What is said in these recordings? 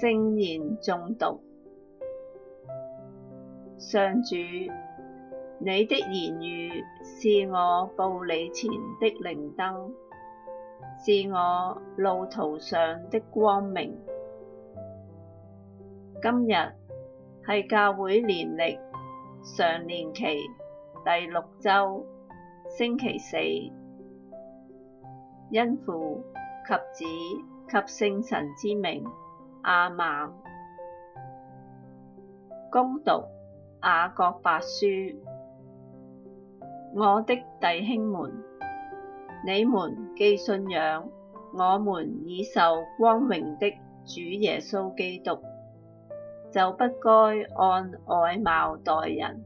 聖言誦讀，上主，你的言語是我步履前的靈燈，是我路途上的光明。今日係教會年曆常年期第六週星期四，因父及子及聖神之名。阿們。恭讀雅各伯書。我的弟兄們，你們既信仰我們已受光榮的主耶穌基督，就不該按外貌待人。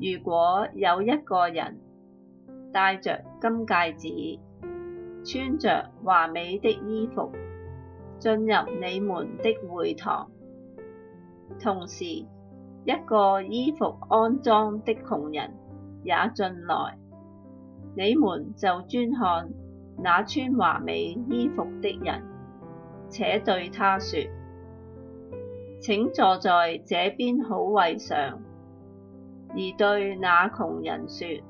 如果有一個人，戴着金戒指，穿着華美的衣服，進入你們的會堂，同時一個衣服骯髒的窮人也進來，你們就專看那穿華美衣服的人，且對他説：請坐在這邊好位上。而對那窮人説：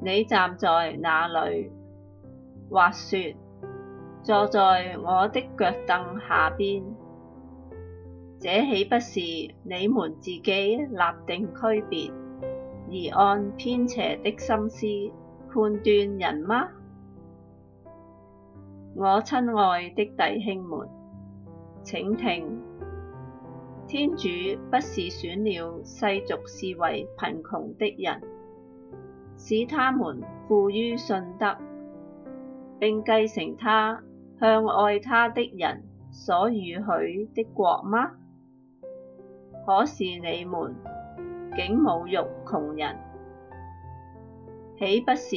你站在那裏！或説，坐在我的腳凳下邊，這豈不是你們自己立定區別，而按偏邪的心思判斷人嗎？我親愛的弟兄們，請聽，天主不是選了世俗視為貧窮的人，使他們富於信德。並繼承他向愛他的人所預許的國嗎？可是你們竟侮辱窮人，豈不是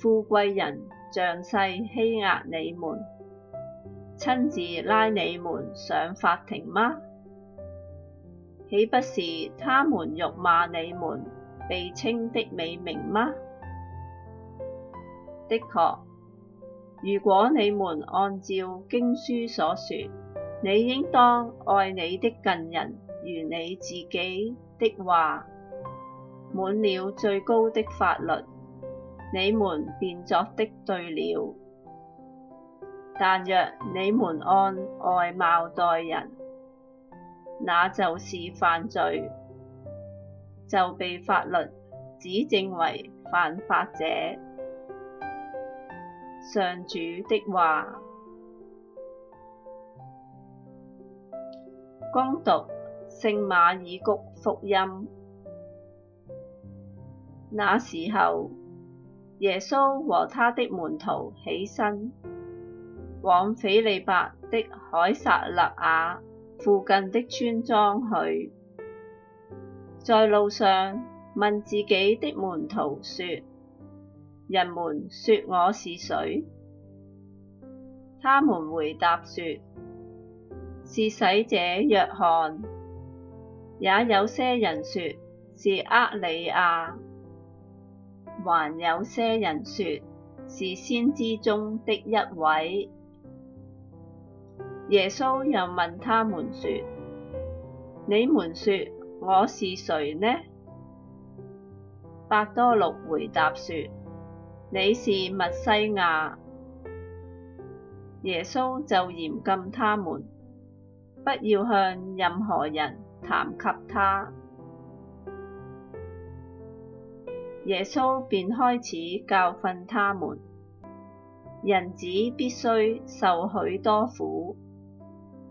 富貴人仗勢欺壓你們，親自拉你們上法庭嗎？豈不是他們辱罵你們被稱的美名嗎？的確，如果你們按照經書所說，你應當愛你的近人如你自己的話，滿了最高的法律，你們便作的對了。但若你們按外貌待人，那就是犯罪，就被法律指正為犯法者。上主的話，恭讀《聖馬爾谷福音》。那時候，耶穌和他的門徒起身，往斐理伯的凱撒勒雅附近的村莊去，在路上問自己的門徒說：人們說我是誰？他們回答說，是洗者若翰。也有些人說是厄里亞，還有些人說是先知中的一位。耶穌又問他們說：你們說我是誰呢？伯多祿回答說，你是默西亞，耶穌就嚴禁他們，不要向任何人談及他。耶穌便開始教訓他們：人子必須受許多苦，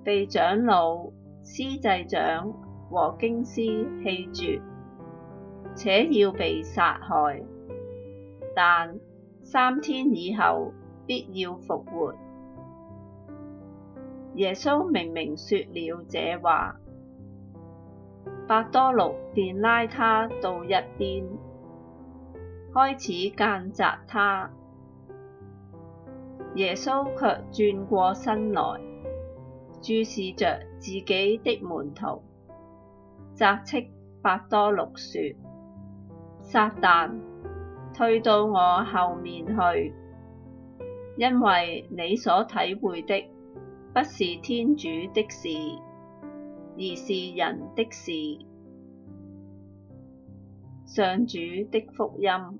被長老、司祭長和經師棄絕，且要被殺害，但三天以後必要復活。耶穌明明説了這話，伯多祿便拉他到一邊，開始諫責他。耶穌卻轉過身來，注視着自己的門徒，責斥伯多祿説：撒殫，」退到我後面去，因為你所體會的，不是天主的事，而是人的事。上主的福音。